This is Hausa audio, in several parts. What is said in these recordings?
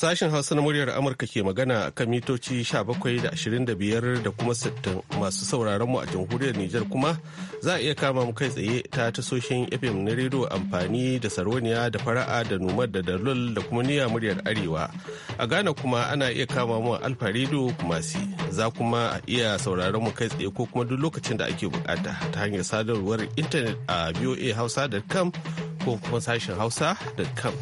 Sashen Hausa na muryar Amurka ke magana a kan mitoci 17.25 da kuma 60 masu sauraron mu a jamhuriyar Nijar kuma za a iya kama mu kai tsaye ta tasoshin FM na rediyo amfani da Saroniya da Fara'a da Numar da Dalol da kuma Niyya muryar Arewa. A Ghana kuma ana iya kama mu Alfa rediyo kuma Za kuma a iya sauraron mu kai tsaye ko kuma duk lokacin da ake bukata ta hanyar sadarwar intanet a voahausa.com ko kuma sashen hausa.com.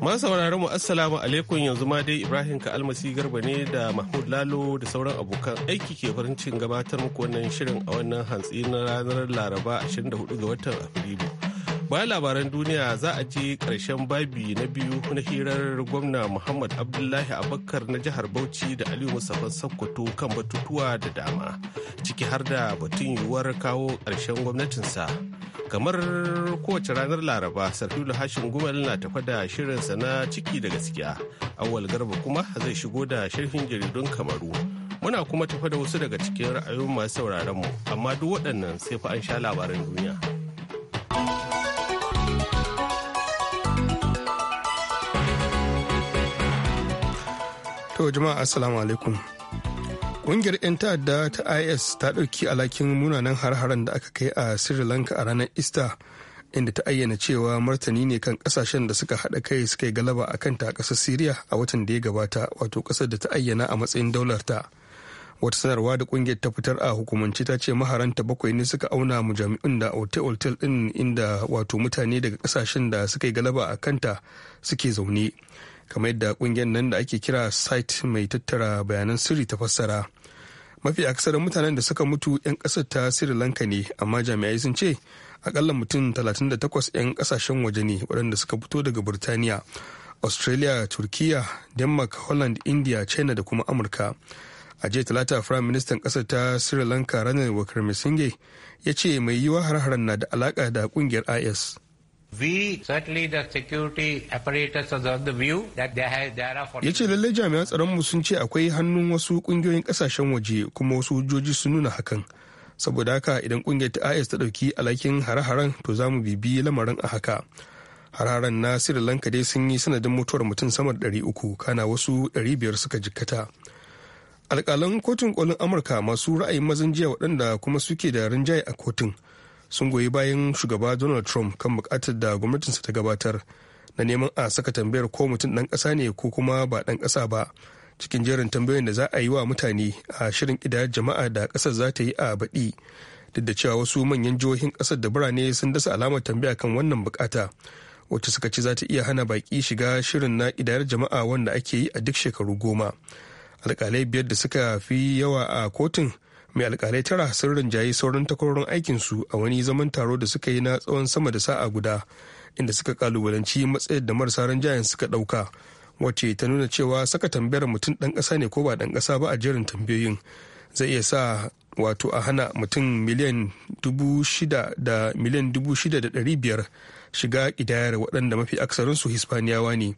Masu sauraron mu assalamu alaikum yanzu ma dai Ibrahim ka almasi garba ne da Mahmud Lalo da sauran abokan aiki ke farin cikin gabatar muku wannan shirin a wannan hantsi na ranar Laraba 24 ga watan Afrilu. bayan labaran duniya za a je ƙarshen babi na biyu na hirar gwamna muhammad abdullahi abakar na jihar bauchi da aliyu mustapha sokoto kan batutuwa da dama ciki har da batun yiwuwar kawo ƙarshen gwamnatinsa kamar kowace ranar laraba sarfilu hashin gumal na tafa da shirinsa na ciki da gaskiya awal garba kuma zai shigo da sharhin jaridun kamaru muna kuma tafa da wasu daga cikin ra'ayoyin masu sauraron mu amma duk waɗannan sai fa an sha labaran duniya. To jama'a assalamu alaikum. Ƙungiyar 'yan ta'adda ta IS ta ɗauki Alakin munanan har-haren da aka kai a Sri Lanka a ranar Easter inda ta ayyana cewa martani ne kan ƙasashen da suka haɗa kai suka yi galaba a kanta a ƙasar Siriya a watan da ya gabata wato ƙasar da ta ayyana a matsayin daularta. Wata sanarwa da ƙungiyar ta fitar a hukumance ta ce maharanta bakwai ne suka auna mu jami'un da otel-otel ɗin inda wato mutane daga ƙasashen da suka yi galaba a kanta suke zaune. kamar yadda kungiyar nan da ake kira site mai tattara bayanan sirri ta fassara mafi akasarin mutanen da suka mutu 'yan kasar ta sri lanka ne amma jami'ai sun ce akalla mutum 38 'yan kasashen waje ne waɗanda suka fito daga burtaniya australia turkiya denmark holland india china da kuma amurka a jiya talata firayim ministan kasar ta sri lanka ranar wakar ya ce mai yiwa har-haren na da alaka da kungiyar is Ya ce lallai jami'an mu sun ce akwai hannun wasu kungiyoyin kasashen waje kuma wasu hujjoji sun nuna hakan. Saboda haka idan kungiyar ta IS ta ɗauki alhakin hare-haren to za mu bibi lamarin a haka. Hararen na Sri Lanka dai sun yi sanadin mutuwar mutum sama da uku kana wasu ɗari biyar suka jikkata. Alƙalan kotun kolin Amurka masu ra'ayin mazan jiya waɗanda kuma suke da rinjaye a kotun. sun goyi bayan shugaba donald trump kan bukatar da gwamnatinsa ta gabatar na neman a saka tambayar ko mutum ɗan ƙasa ne ko kuma ba ɗan ƙasa ba cikin jerin tambayoyin da za a yi wa mutane a shirin idayar jama'a da ƙasar za ta yi a baɗi duk da cewa wasu manyan jihohin ƙasar da birane sun dasa alamar tambaya kan wannan bukata wacce suka ci za ta iya hana baki shiga shirin na idayar jama'a wanda ake yi a duk shekaru goma alkalai biyar da suka fi yawa a kotun mai alkalai tara sun rinjaye sauran takwarorin aikinsu a wani zaman taro da suka yi na tsawon sama da sa'a guda inda suka kalubalanci matsayar da marasa rinjayen suka ɗauka wacce ta nuna cewa saka tambayar mutum ɗan ƙasa ne ko ba ɗan kasa ba a jerin tambayoyin zai iya sa wato a hana mutum miliyan dubu shida da miliyan dubu shida da ɗari biyar shiga kidayar waɗanda mafi aksarinsu hispaniyawa ne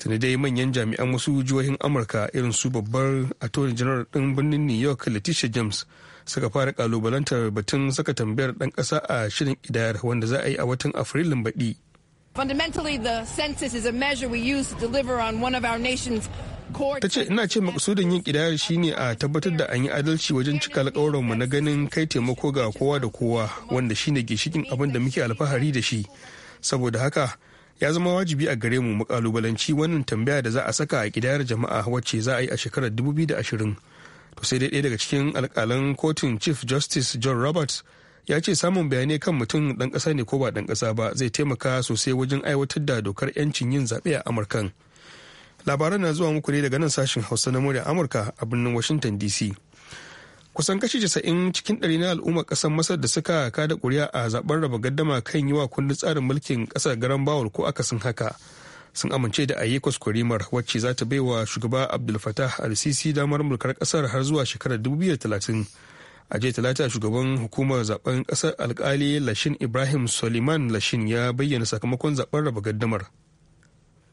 tuni dai manyan jami'an wasu jihohin amurka irin su babbar attorney general din birnin new york letitia james suka fara kalubalantar batun saka tambayar dan kasa a shirin idayar wanda za a yi a watan afrilun baɗi fundamentally the census is a measure we use to deliver our nation's ta ce ina ce makasudin yin kidayar shi ne a tabbatar da an yi adalci wajen cika mu na ganin kai taimako ga kowa da kowa wanda shine ginshikin abin da muke alfahari da shi saboda haka ya zama wajibi a gare mu makalubalanci wannan tambaya da za a saka a kidayar jama'a wacce za a yi a shekarar 2020 to sai dai ɗaya daga cikin alkalan kotun chief justice john roberts ya ce samun bayanai kan mutum ɗan ƙasa ne ko ba ɗan ƙasa ba zai taimaka sosai wajen aiwatar da dokar 'yancin yin zaɓe a amurkan labaran na zuwa muku ne daga nan sashen hausa na murya amurka a birnin washington dc kusan kashi 90 cikin ɗari na al'ummar ƙasar masar da suka kada ƙuri'a a zaɓen raba gaddama kan yi wa kundin tsarin mulkin ƙasar garan bawul ko akasin haka sun amince da ayi kuskurimar wacce za ta baiwa shugaba abdul fatah al-sisi damar mulkar ƙasar har zuwa shekarar 2030 a jiya talata shugaban hukumar zaben ƙasar alkali lashin ibrahim soliman lashin ya bayyana sakamakon zaben raba gaddamar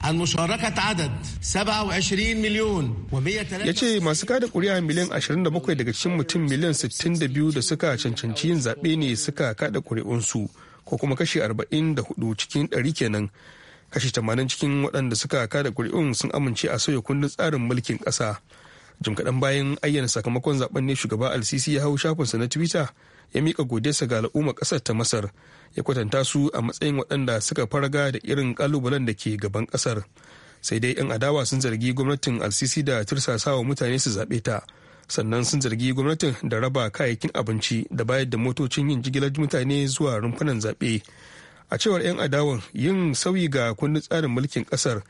المشاركة عدد 27 مليون و103 ya ce masu kada kuri'a miliyan 27 daga cikin mutum miliyan 62 da suka cancanci yin zaɓe ne suka kada kuri'unsu ko kuma kashi 44 cikin 100 kenan kashi 80 cikin waɗanda suka kada kuri'un sun amince a sauya kundin tsarin mulkin ƙasa jim kaɗan bayan ayyana sakamakon zaben ne shugaba al-sisi ya hau shafinsa na twitter ya miƙa godiyarsa ga al'ummar ƙasar ta masar ya kwatanta su a matsayin waɗanda suka farga da irin kalubalen da ke gaban ƙasar sai dai 'yan adawa sun zargi gwamnatin alsisi da tirsasawa mutane su zaɓe ta sannan sun zargi gwamnatin da raba kayayyakin abinci da bayar da motocin yin jigilar mutane zuwa rumfunan zaɓe a cewar 'yan adawan yin sauyi ga kundin tsarin mulkin ƙasar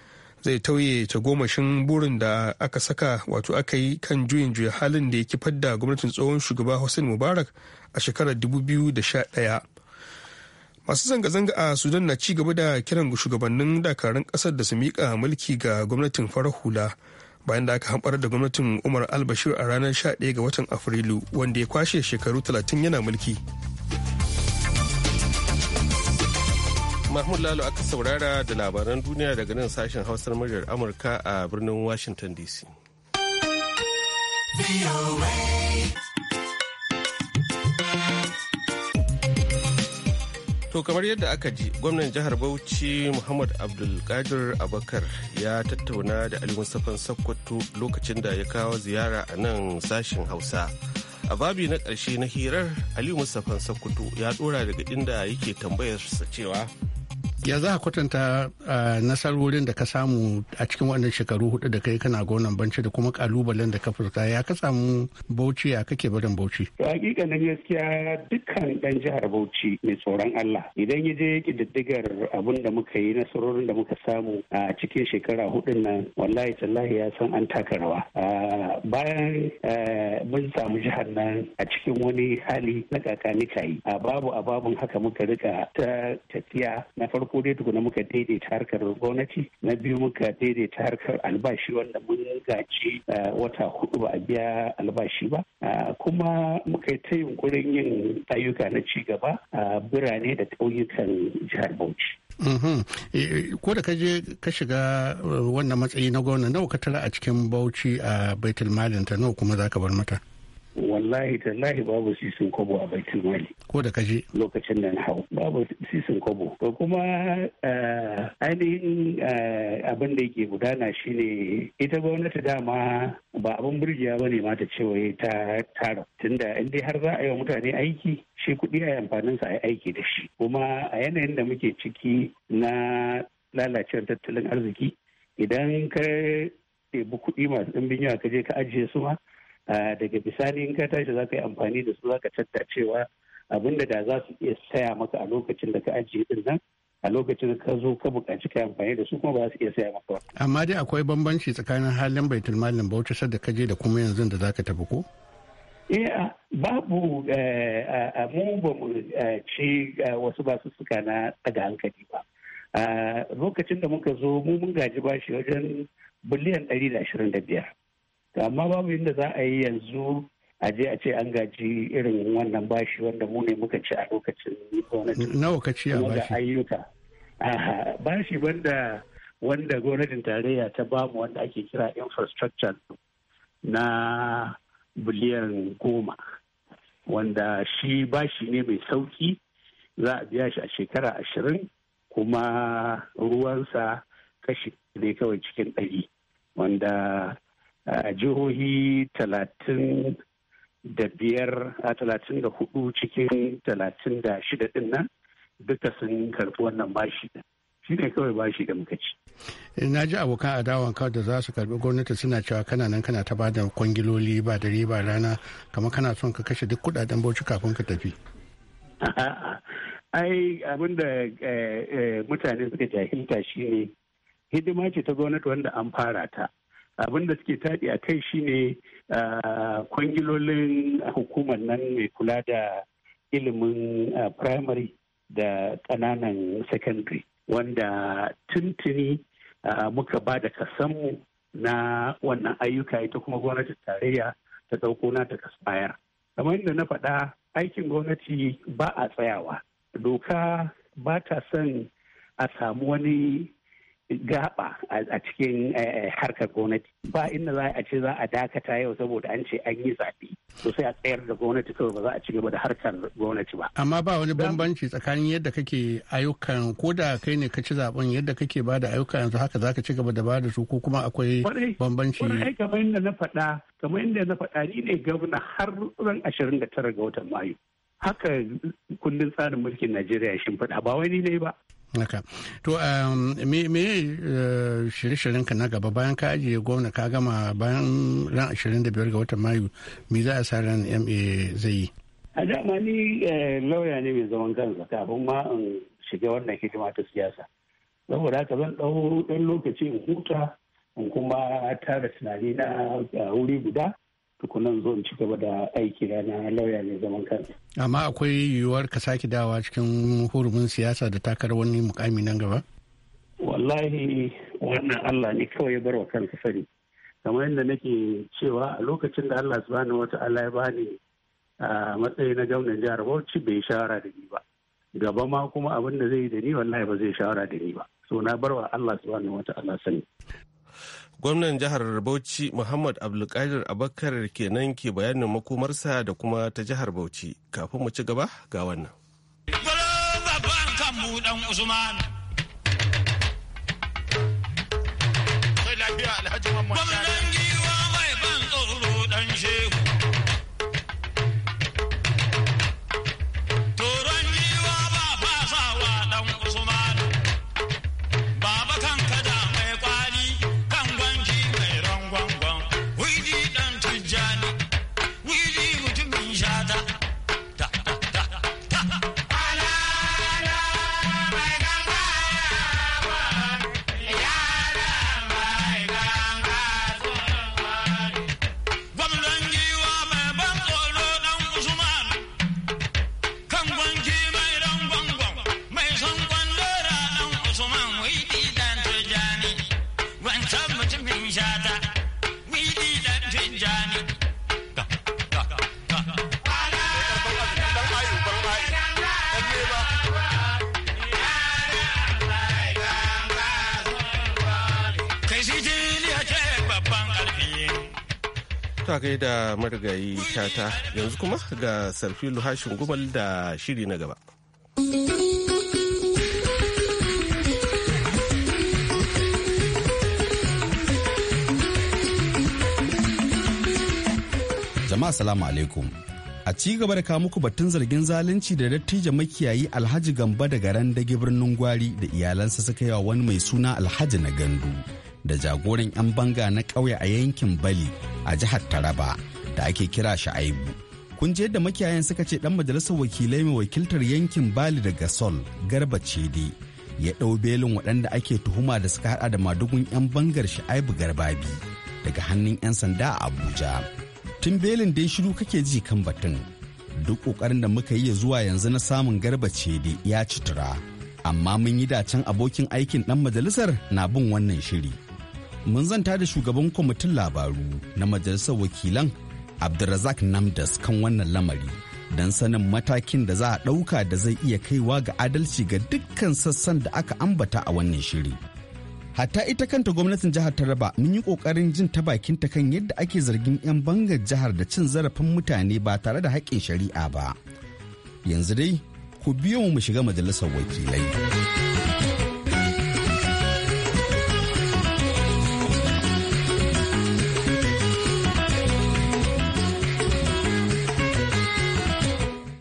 zai tauye tagomashin burin da aka saka wato aka yi kan juyin juya halin da ya kifar da gwamnatin tsohon shugaba hussein mubarak a shekarar 2011 masu zanga-zanga a sudan na ci gaba da kiran shugabannin dakarun kasar da su miƙa mulki ga gwamnatin farar hula bayan da aka hamɓar da gwamnatin umar albashir a ranar 11 ga watan afrilu wanda ya kwashe shekaru 30 yana mulki mahmud lalo aka saurara da labaran duniya daga nan sashen hausar muryar amurka a birnin washington dc To kamar yadda aka ji gwamnan jihar Bauchi Muhammad Abdulkadir Abakar ya tattauna da Ali Mustapha sakkwato lokacin da ya kawo ziyara a nan sashen Hausa. A babi na ƙarshe na hirar Ali Mustapha sakkwato ya ɗora daga inda yake tambayarsa cewa ya za a kwatanta ah, nasarorin da ka samu a cikin wannan shekaru hudu da kai kana gonan banci da kuma kalubalen da ka furta ya ka samu bauchi ya kake barin bauchi to hakikanin gaskiya dukkan dan jihar bauchi mai tsoron Allah idan ya je kididdigar abun da muka yi nasarorin da muka samu a cikin shekara hudu nan wallahi tallahi ya san an taka rawa ah, bayan eh, mun samu jihar nan a cikin wani hali na kakani kayi a ah, babu a babun haka muka rika ta tafiya na farko farko dai tukuna muka daidaita harkar gwamnati na biyu muka daidaita harkar albashi wanda mun gaji eh, wata hudu ba a biya albashi ba ah, kuma muka yi ta yunkurin yin ayyuka na ci gaba a birane da ƙauyukan jihar bauchi mm-hmm. eh, eh, ko da je ka shiga wannan matsayi na gwamna nawa ka tara a cikin bauchi a baitul malin nawa kuma za ka bar mata wallahi tallahi babu sisin kwabo a baitin wani ko da kaje lokacin nan hau babu sisin kwabo Ko kuma eh, ainihin eh, abin da yake gudana shine ita gwamnati dama ba abin burgiya ba ne mata cewa ta tara tunda in dai har za a yi wa mutane aiki shi kuɗi a amfanin sa a yi aiki da shi kuma a yanayin da muke ciki na lalacewar tattalin arziki idan ka ɗebi kuɗi masu ɗimbin yawa ka je ka ajiye su ma daga bisani in ka tashi za ka yi amfani da su za ka tattacewa abin da da za su iya saya maka a lokacin da ka ajiye din nan a lokacin ka zo ka buƙaci ka amfani da su kuma ba za su iya saya maka ba. amma dai akwai bambanci tsakanin halin baitul malin bauchi da ka je da kuma yanzu da za ka tafi ko. eh babu eh, a mu ba mu eh, ci eh, wasu basu suka na daga hankali ba. lokacin da muka zo mu mun gaji bashi wajen biliyan ɗari da ashirin da biyar. amma babu inda za a yi yanzu a je a ce an gaji irin wannan bashi wanda mu ne muka ci a lokacin gwamnati nawa ka a bashi ayyuka bashi banda wanda gwamnatin tarayya ta bamu wanda ake kira infrastructure na biliyan goma wanda shi bashi ne mai sauki za a biya shi a shekara ashirin kuma ruwansa kashi ne kawai cikin ɗari wanda A jihohi talatin da biyar a talatin da hudu cikin talatin da shida din nan duka sun karɓi wannan bashi shi ne kawai bashi da muka ci. na ji abokan adawan kawai da za su karbi gwamnati suna cewa kana nan kana ta bada kwangiloli ba dare ba rana kamar kana son ka kashe duk kudaden bauchi kafin ka tafi. ai abin da eh, eh, mutane suka jahilta shi ne hidima ce ta gwamnati wanda an fara ta abin da suke taɗi a kai shine kwangilolin hukumar nan mai kula da ilimin primary da ƙananan secondary wanda tuntuni muka ba da kasanmu na wannan ayyuka ita kuma gwamnatin tarayya ta ɗauko na ta bayar kamar yadda na faɗa aikin gwamnati ba a tsayawa doka ba ta son a samu wani gaba a cikin eh, harkar gwamnati ba inda za a ce za a dakata yau saboda an ce an yi zaɓe to sai a tsayar da gwamnati kawai ba za a ci gaba da harkar gwamnati ba amma ba wani bambanci tsakanin yadda kake ayyukan ko da kai ne ka ci zaben yadda kake ba da ayyuka yanzu haka za ka ci gaba da ba da su ko kuma akwai bambanci kamar inda na faɗa kamar inda na faɗa ni ne gwamna har ran ashirin da tara ga watan mayu haka kundin tsarin mulkin najeriya shimfiɗa ba wani ne ba haka to um, me eh, shirye-shiryen ka na gaba bayan ka ajiye gwamna ka gama bayan ran 25 ga watan mayu me za a sa ran ma zai yi a dama ni eh, lauya ne mai zaman kansa kafin ma in shiga wannan hidima ta siyasa saboda haka zan ɗau ɗan lokaci in huta in kuma tara tunani na eh, wuri guda tukunan zo in ci gaba da aiki na lauya ne zaman kansa. amma akwai yiwuwar ka sake dawa cikin hurumin siyasa da takar wani mukami nan gaba wallahi wannan allah ne kawai ya bar wa kansa sani kamar yadda nake cewa a lokacin da allah wata wata'ala ya bani a matsayi na gwamnan jihar bauchi bai shawara da ni ba gaba ma kuma abin da zai yi da ni wallahi ba zai shawara da ni ba so na bar wa allah wata wata'ala sani gwamnan jihar bauchi muhammad abdulkadir abakar kenan ke bayanin makomarsa da kuma ta jihar bauchi kafin mu ci gaba ga wannan Gwamnan giwa mai ban tsoro dan shehu ta da marigayi tata yanzu kuma ga sarfi luhashin gumal da shiri na gaba. jama'a salamu alaikum a ci gaba da kawo muku batun zargin zalunci da dattijo makiyayi alhaji gamba da randage birnin gwari da iyalansa suka yi wa wani mai suna alhaji na gandu da jagoran 'yan banga na ƙauye a yankin bali a jihar taraba da ake kira sha'aibu kun je da makiyayan suka ce dan majalisar wakilai mai wakiltar yankin bali daga sol garba cede. ya ɗau belin waɗanda ake tuhuma da suka haɗa da madugun 'yan bangar sha'aibu garbabi daga hannun 'yan sanda a abuja tun belin dai shiru kake ji kan batun duk ƙoƙarin da muka yi zuwa yanzu na samun garba cede ya citura. amma mun yi dacen abokin aikin ɗan majalisar na bin wannan shiri mun zanta da shugaban kwamitin labaru na majalisar wakilan abdulrazak namdas kan wannan lamari don sanin matakin da za a ɗauka da zai iya kaiwa ga adalci ga dukkan sassan da aka ambata a wannan shiri hatta ita kanta gwamnatin jihar taraba mun yi ƙoƙarin jin ta bakinta kan yadda ake zargin 'yan bangar jihar da cin zarafin mutane ba tare da haƙƙin shari'a ba yanzu dai ku biyo mu shiga majalisar wakilai.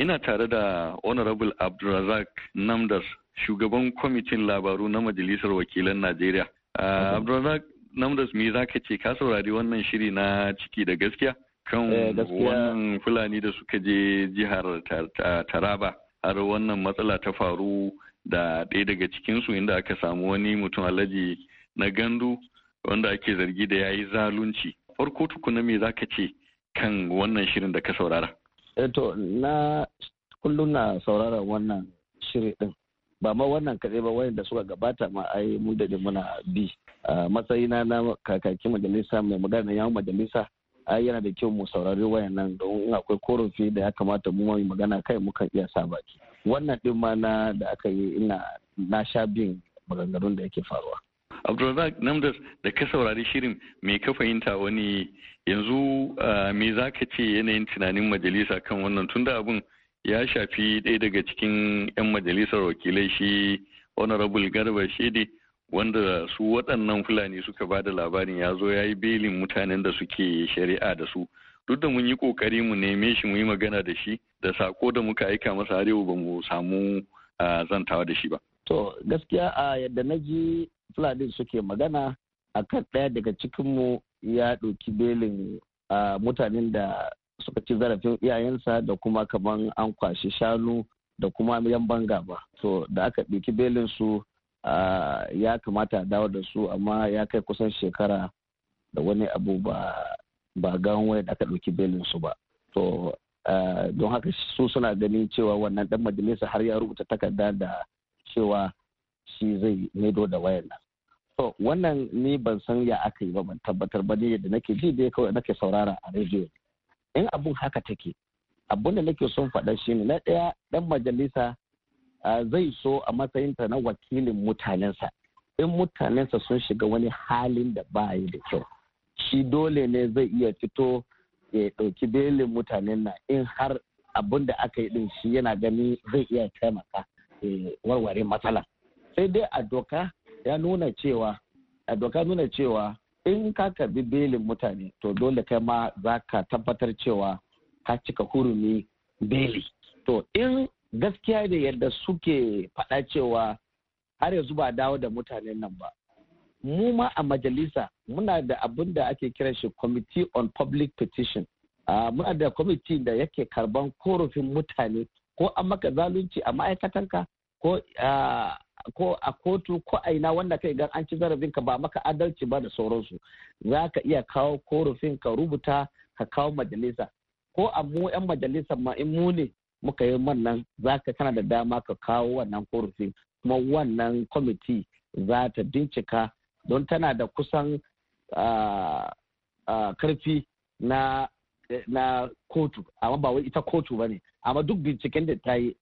ina tare da honorable abdulrazak namdar shugaban kwamitin labaru na majalisar wakilan najeriya ah, abdulrazak namdas me za ka ce ka saurari wannan shiri na ciki da gaskiya kan eh, wannan fulani da suka je jihar taraba har wannan matsala ta faru da ɗaya daga cikinsu inda aka samu wani mutum alaji na gandu wanda ake zargi da ya yi zalunci farko tukuna me za ka ce kan wannan shirin da ka saurara Eh, to na kullum na sauraron wannan shiri din ba ma wannan kaɗai ba wayanda suka gabata ma ai mu da muna bi a matsayina na kakakin majalisa mai magana yawon majalisa ai yana da kyau mu saurari wayannan don in akwai korafi da ya kamata mu mai magana kai muka iya sa baki wannan din ma na da aka yi ina na sha bin maganganun da yake faruwa abdulrazak namdar da ka saurari shirin me ka fahimta wani yanzu me za ka ce yanayin tunanin majalisa kan wannan tunda abun ya shafi ɗaya daga cikin 'yan majalisar wakilai shi honorable garba shede wanda su waɗannan fulani suka ba da labarin ya zo ya yi belin mutanen da suke shari'a da su duk da mun yi ƙoƙari mu neme shi mu yi magana da shi da sako da muka aika masa har yau ba mu samu zantawa da shi ba To gaskiya a yadda na ji Fulani suke magana a kan ɗaya daga cikinmu ya ɗauki belin mutanen da suka ci zarafin iyayensa da kuma kaman an kwashi shanu da kuma yan banga ba. To da aka ɗauki belin su ya kamata a dawo da su amma ya kai kusan shekara da wani abu ba gan waya da aka ɗauki belin su ba. To don haka su suna ganin cewa wannan ɗan majalisa har ya rubuta takarda da cewa shi zai maido da wayar nan to wannan ni ban san ya aka yi ba ban tabbatar ba ne da nake ji dai kawai nake saurara a rediyo in abun haka take abun da nake son faɗa shi ne na ɗaya ɗan majalisa zai so a matsayinta na wakilin mutanensa in mutanensa sun shiga wani halin da ba yi da kyau shi dole ne zai iya fito ya ɗauki belin mutanen na in har abun da aka yi ɗin shi yana gani zai iya taimaka Eh, warware matsala. sai dai a doka ya nuna cewa a doka nuna cewa in ka karbi belin mutane to dole kai ma za ka tabbatar cewa ka cika hurumi beli to in gaskiya da yadda suke faɗa cewa har yanzu ba dawo da mutanen nan ba mu ma a majalisa muna da abin da ake kiran shi committee on public petition ah, muna da kwamiti da yake karban korafin mutane ko an maka zalunci a ma'aikatanka ko ko a kotu ko a ina wanda kai gan an ci zarafin ka. ba maka adalci ba da sauransu za ka iya kawo korafin ka rubuta ka kawo majalisa ko a mu 'yan majalisa ma in mu ne muka yi wannan za ka kana da dama ka kawo wannan korafin kuma wannan kwamiti za ta bincika don tana da kusan karfi na Eh, na kotu amma ba wai ita kotu ba ne amma duk binciken da ta yi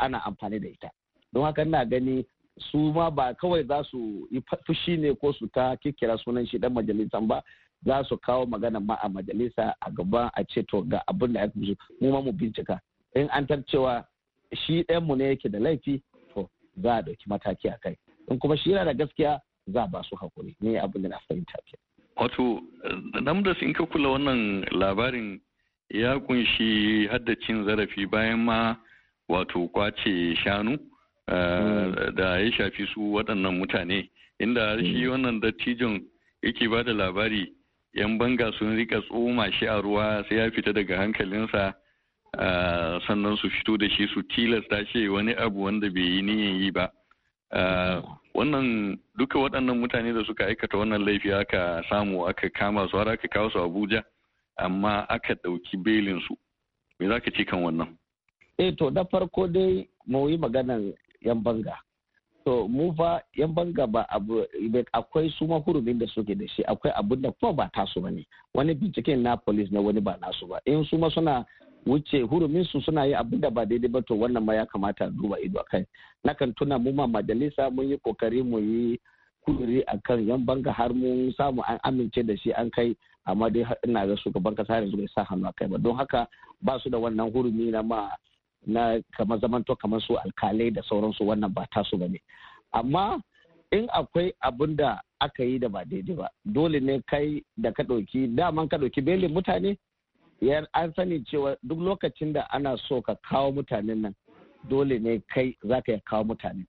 ana amfani da ita don haka ina gani su ma ba kawai za su yi fushi ne ko su ta kikira sunan shi dan majalisan ba za su kawo magana ma a majalisa a gaba a ce to ga abin da aka mu ma mu bincika in an cewa shi ɗayan mu ne yake da laifi to za a ɗauki mataki a kai in kuma shi yana da gaskiya za a ba su hakuri ne abin da na fahimta ke Wato, da sun ka kula wannan labarin ya kunshi haddacin zarafi bayan ma wato kwace shanu eh, mm. da ya shafi su waɗannan mutane inda shi mm. wannan dattijon yake ba da labari yan banga sun rika tsoma shi a ruwa sai ya fita daga hankalinsa eh, sannan su fito da shi su tilasta shi wani abu wanda bai yi niyan yi ba Eh, wannan duka waɗannan mutane da suka aikata wannan laifi aka samu aka kama su har aka kawo su abuja amma aka ɗauki su me za ka ce kan wannan eh to na farko dai mu yi maganan yan banga to mu fa yan banga ba abu akwai su hurumin da suke da shi akwai abun da kuma ba tasu ba ne wani binciken na police ne wani ba nasu ba in su ma suna wuce hurumin su suna yi abinda ba daidai ba to wannan ma ya kamata duba ido a kai na kan tuna mu ma majalisa mun yi kokari mu yi kuduri a kan yan banga har mun samu an amince da shi an kai amma dai ina ga gaban kasa yanzu bai sa hannu a kai ba don haka ba su da wannan hurumi na ma na kamar to kamar su alkalai da sauransu wannan ba ta ba ne amma in akwai abin da aka yi da ba daidai ba dole ne kai da ka ɗauki daman ka ɗauki belin mutane an sani cewa duk lokacin da ana so ka kawo mutanen nan dole ne kai za ka kawo mutane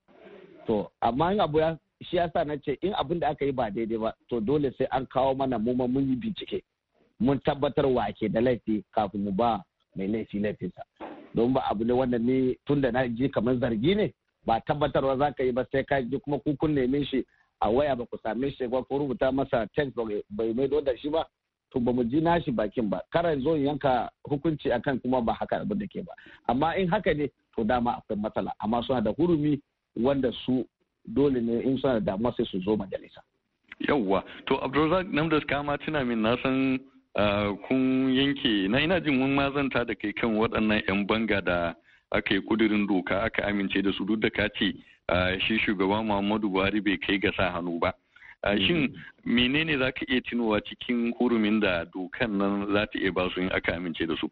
to amma in abu ya shi ya sa na ce in abin da aka yi ba daidai ba to dole sai an kawo mana mu ma mun yi bincike mun tabbatar wa ke da laifi kafin mu ba mai laifi laifinsa don ba abu ne wanda ni tun da na ji kamar zargi ne ba tabbatarwa za ka yi ba sai ka ji kuma kukun neme shi a waya ba ku same shi ba ko rubuta masa text bai maido da shi ba to ba mu ji nashi bakin ba kara zo yanka hukunci akan kuma ba haka abin da ke ba amma in haka ne to dama akwai matsala amma suna da hurumi wanda su dole ne in suna da damuwa sai su zo majalisa yawwa to abdulrazak da kama tuna min na san ah, kun yanke na ina jin mun mazanta da kai kan waɗannan 'yan banga da aka yi kudirin doka aka amince da su duk da ka ce ah, shi shugaban muhammadu buhari bai kai ga sa hannu ba Mm-hmm. shin menene za ka iya tunowa cikin hurumin da dokan nan za ta iya ba su in aka amince da su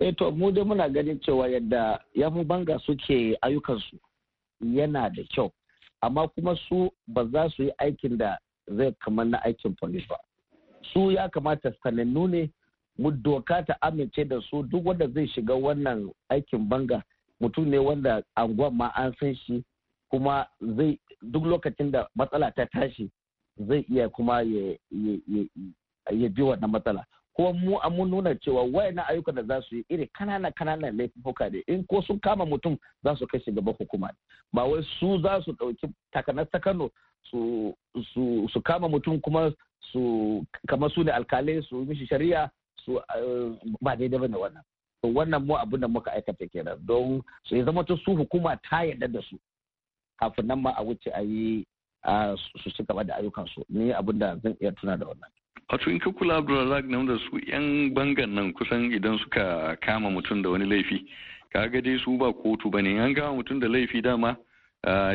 eh to mu dai muna ganin cewa yadda ya fi banga suke ayyukansu yana da kyau amma kuma su ba za su yi aikin da zai kamar na aikin police ba su ya kamata sanannu ne mu doka ta amince da su duk wanda zai shiga wannan aikin banga mutum ne wanda anguwan ma an san shi kuma zai duk lokacin da matsala ta tashi zai iya kuma ya bi wannan matsala kuma mu an mun nuna cewa wayannan ayyukan da za su yi iri kanana kananan laifuka ne in ko sun kama mutum za su kai gaban hukuma ba wai su za su ɗauki takanar ta Kano su kama mutum kuma su kama su ne alkalai su mishi shari'a su eh, ba daidai bane wannan wannan mu abin da muka aikata kenan don su ya zama su hukuma ta yarda da su kafin nan ma a wuce a yi su ci gaba da su ni abin da zan iya tuna da wannan. wato in ka kula abdulrazak nan da su yan bangan nan kusan idan suka kama mutum da wani laifi kaga dai su ba kotu bane an kama mutum da laifi dama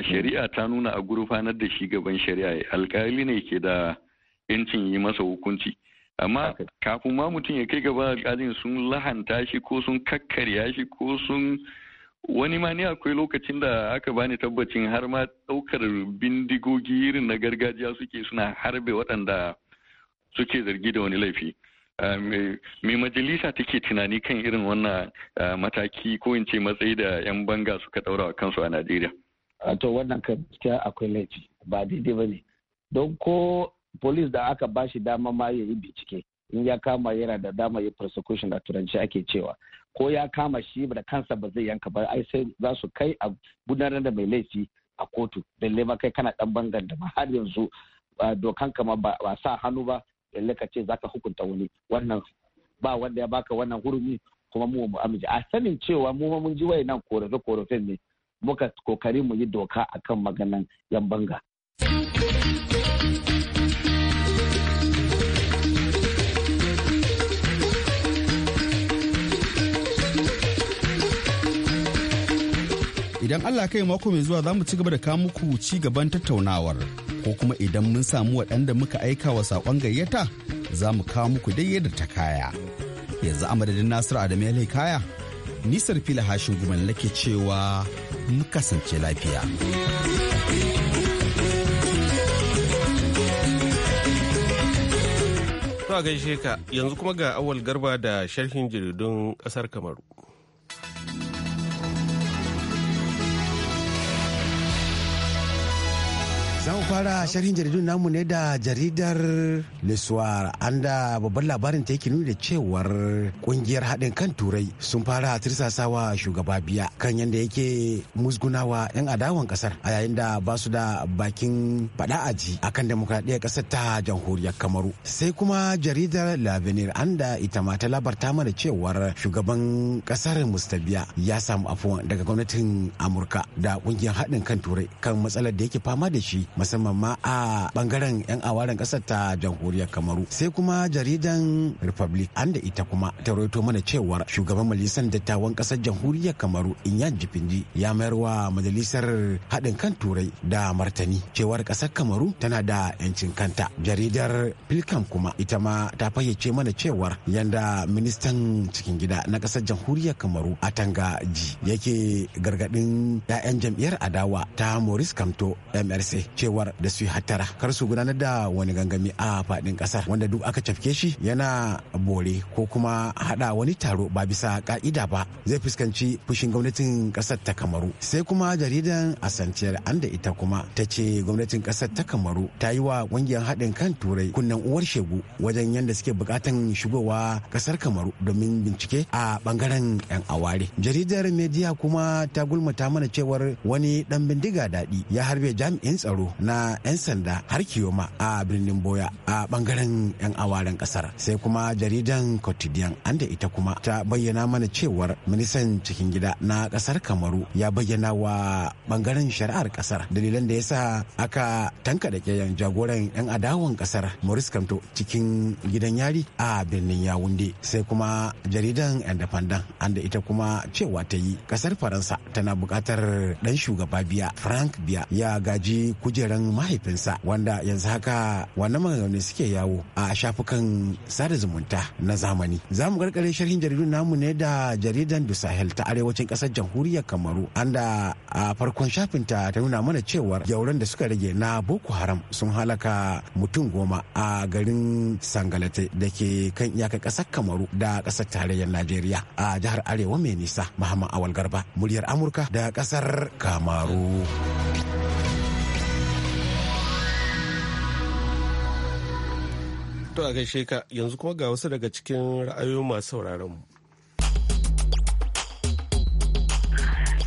shari'a ta nuna a gurfanar da shi gaban shari'a alkali ne ke da yancin yi masa hukunci amma kafin ma mutum ya kai gaba alkalin sun lahanta shi ko sun kakkarya shi ko sun wani ma ni akwai lokacin da aka bani tabbacin har ma ɗaukar bindigogi irin na gargajiya suke suna harbe waɗanda suke zargi da wani laifi ah, mai majalisa take tunani kan irin wannan ah, mataki ko in ce matsayi da 'yan banga suka ɗaura kansu a najeriya ah, to wannan cikin akwai laifi ba daidai ba ne don ko polis da aka bashi dama ma ya yi bincike in ya kama yana da dama ya persecution a turanci ake cewa ko ya kama shi da kansa ba zai yanka ba ai sai za su kai a gudanar da mai laifi a kotu lalle ma kai kana dan bangan da har yanzu dokan kama ba sa hannu ba lalle ka ce zaka hukunta wani wannan ba wanda ya baka wannan hurumi kuma mu mu amince a sanin cewa mu ma mun ji wayannan korafe korafen ne muka kokari mu yi doka akan maganan yan banga idan Allah kai mako mai zuwa za mu ci gaba da kawo muku ci gaban tattaunawar ko kuma idan mun samu waɗanda muka aika wa saƙon gayyata za mu kawo muku dai yadda ta kaya yanzu a madadin Nasiru Adamu ya kaya nisar fila hashin gumal nake cewa mu kasance lafiya. Zuwa gaishe ka yanzu kuma ga awal garba da sharhin jaridun ƙasar Kamaru. zan fara sharhin jaridun namu ne da jaridar Lissuwar an da babban labarin ta yake nuni da cewar kungiyar haɗin kan turai sun fara tirsasawa shugaba biya kan yadda yake musgunawa 'yan adawan kasar a yayin da ba su da bakin faɗa aji kan demokradiyyar ƙasar ta jamhuriyar Kamaru. Sai kuma jaridar Lavenir an da ita ma ta labarta mana cewar shugaban kasar Mustabiya ya samu afuwa daga gwamnatin Amurka da kungiyar haɗin kan turai kan matsalar da yake fama da shi musamman ma a bangaren 'yan awaren kasar ta jamhuriyar kamaru sai kuma jaridan republic an da ita kuma ta rawaito mana cewar shugaban majalisar dattawan ƙasar jamhuriyar kamaru inyan jipinji ya mayar wa majalisar haɗin kan turai da martani cewar kasar kamaru tana da 'yancin kanta jaridar pilkam kuma ita ma ta fayyace mana cewar yanda ministan cikin gida na ƙasar jamhuriyar kamaru a tanga ji yake gargaɗin 'ya'yan jam'iyyar adawa ta maurice kamto mrc cewar da su hattara kar su gudanar da wani gangami a fadin kasar wanda duk aka cafke shi yana bore ko kuma hada wani taro ba bisa ka'ida ba zai fuskanci fushin gwamnatin kasar ta kamaru sai kuma jaridan asanciyar an da ita kuma ta ce gwamnatin kasar ta kamaru ta yi wa ƙungiyar haɗin kan turai kunnen uwar shegu wajen yadda suke bukatan shigowa kasar kamaru domin bincike a bangaren 'yan aware jaridar media kuma ta gulmata mana cewar wani dan bindiga daɗi ya harbe jami'in tsaro na 'yan sanda har kiyoma a birnin boya a bangaren 'yan awaren kasar sai kuma jaridan cotidian an da ita kuma ta bayyana mana cewar ministan cikin gida na kasar kamaru ya bayyana wa bangaren shari'ar kasar dalilan da ya sa aka tanka da kyayan jagoran 'yan adawan kasar maurice kamto cikin gidan yari a birnin yawunde sai kuma jaridan independent an da ita kuma cewa ta yi kasar faransa tana bukatar dan shugaba biya frank biya ya gaji kuje. kujeran mahaifinsa wanda yanzu haka wannan maganganu suke yawo a shafukan sada zumunta na zamani za mu karkare sharhin jaridun namu ne da jaridan du sahel ta arewacin kasar jamhuriyar kamaru anda a farkon shafinta ta nuna mana cewar yauran da suka rage na boko haram sun halaka mutum goma a garin sangalate da ke kan iyakar kasar kamaru da kasar tarayyar najeriya a jihar arewa mai nisa muhammad awal garba muryar amurka da kasar kamaru. To a gaishe ka yanzu kuma ga wasu daga cikin ra'ayoyin masu sauraron mu.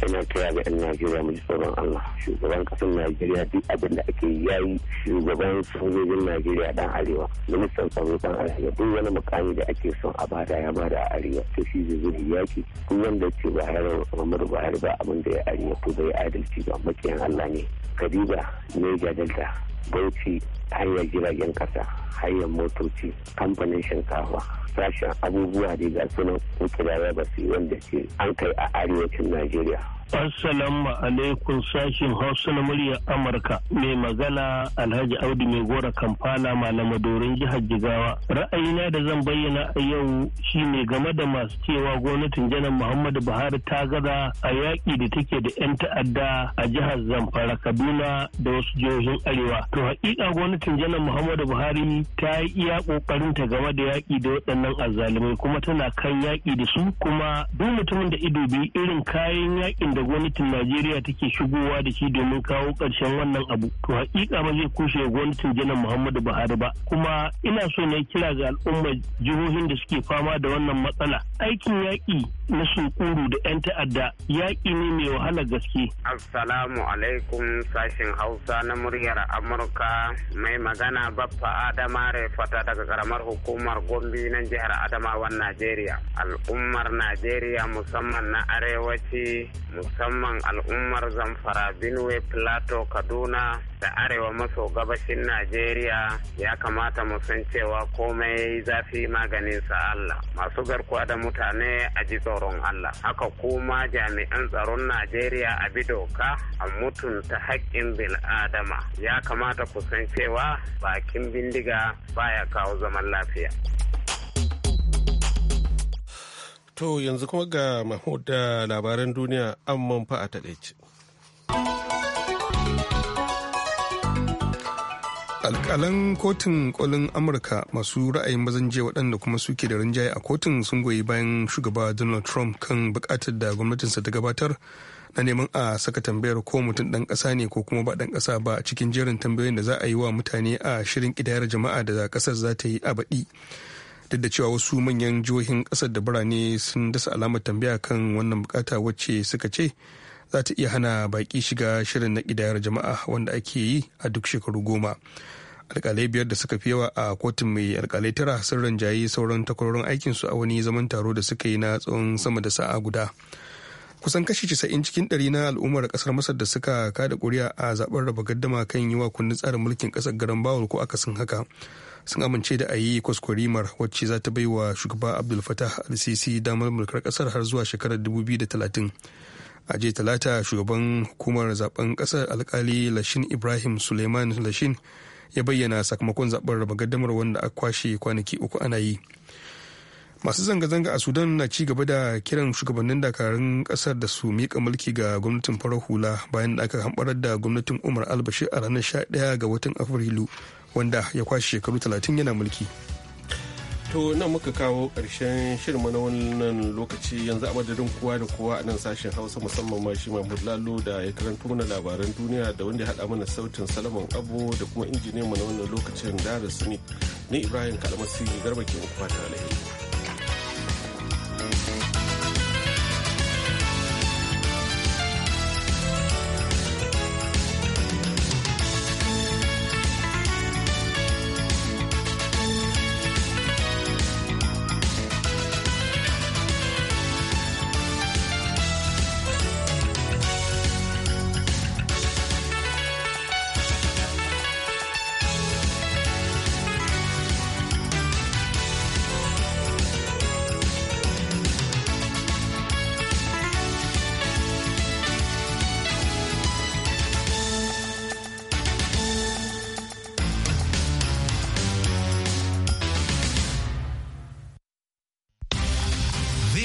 ina kira ga 'yan najeriya mu ji tsoron allah shugaban kasar najeriya duk abin da ake yayi shugaban sojojin najeriya dan arewa ministan tsaro dan arewa duk wani mukami da ake son a bada ya bada a arewa to shi zai yaki duk wanda ce ba har muhammadu buhari ba abin da ya arewa ko bai adalci ba makiyan allah ne kadiba ne jadalta bauchi hanyar jiragen kasa hanyar motoci kamfanin shinkafa sashen abubuwa da ga sunan kuke ba su wanda ke an kai a arewacin najeriya Assalamu alaikum sashin Hausa na muryar Amurka mai magana Alhaji Audu mai gora Kamfana malamadorin jihar Jigawa. Ra'ayina da zan bayyana a yau shine game da masu cewa gwamnatin janar Muhammadu Buhari ta gaza a yaƙi da take da 'yan ta'adda a jihar Zamfara Kaduna da wasu jihohin Arewa. To haƙiƙa gwamnatin janar Muhammadu Buhari ta yi iya ƙoƙarin ta game da yaƙi da waɗannan azzalumai kuma tana kan yaƙi da su kuma duk mutumin da ido biyu irin kayan yaƙin da gwamnatin Najeriya take shigowa da shi domin kawo ƙarshen wannan abu. To hakika ba zai kushe gwamnatin janar Muhammadu Buhari ba. Kuma ina so ne kira ga al'ummar jihohin da suke fama da wannan matsala. Aikin yaƙi na sunkuru da 'yan ta'adda yaƙi ne mai wahalar gaske. Assalamu alaikum sashen Hausa na muryar Amurka mai magana Baffa Adama Refata daga karamar hukumar Gombe na jihar Adamawan Najeriya. Al'ummar Najeriya musamman na arewaci musamman al'ummar zamfara benue plateau kaduna da arewa maso gabashin najeriya ya kamata mu san cewa komai zafi maganin sa allah masu garkuwa da mutane a ji tsoron allah haka kuma jami'an tsaron najeriya a bi doka a mutunta haƙƙin bil'adama ya kamata ku san cewa bakin bindiga baya kawo zaman lafiya To yanzu kuma ga Mahmud labaran duniya amman fa a taɗaice. alƙalan kotun kolin amurka masu ra'ayin je waɗanda kuma suke da rinjaye a kotun sun goyi bayan shugaba donald trump kan buƙatar da gwamnatinsa ta gabatar na neman a saka tambayar ko mutum ɗan ƙasa ne ko kuma ba ɗan ƙasa ba cikin jerin tambayoyin da za a yi wa mutane a shirin ƙidayar jama'a da ƙasar za ta yi a baɗi duk da cewa wasu manyan jihohin kasar da birane sun dasa alamar tambaya kan wannan bukata wacce suka ce za ta iya hana baki shiga shirin na kidayar jama'a wanda ake yi a duk shekaru goma alkalai biyar da suka fi yawa a kotun mai alkalai tara sun ranjayi sauran takwarorin aikinsu a wani zaman taro da suka yi na tsawon sama da sa'a guda kusan kashi casa'in cikin ɗari na al'ummar ƙasar masar da suka kada ƙuri'a a zaɓen raba gaddama kan yi wa kundin tsarin mulkin ƙasar garan bawul ko akasin haka sun amince da a yi kwaskwarimar wacce za ta bai wa shugaba abdul fatah al-sisi damar mulkar kasar har zuwa shekarar 2030 a jiya talata shugaban hukumar zaben kasar alkali lashin ibrahim suleiman lashin ya bayyana sakamakon zaben raba gaddamar wanda a kwashe kwanaki uku ana yi masu zanga-zanga a sudan na ci gaba da kiran shugabannin dakarun kasar da su miƙa mulki ga gwamnatin farar hula bayan da aka hamɓarar da gwamnatin umar albashi a ranar 11 ga watan afrilu wanda ya kwashe shekaru 30 yana mulki to nan muka kawo ƙarshen shirma na wannan lokaci yanzu a madadin kowa da kowa a nan sashen hausa musamman ma shi mahmud lalo da ya karanto mana labaran duniya da wanda ya haɗa mana sautin salaman abu da kuma injiniyan mu na wannan lokacin da ne ni ibrahim kalmasi garba ke muku fata alheri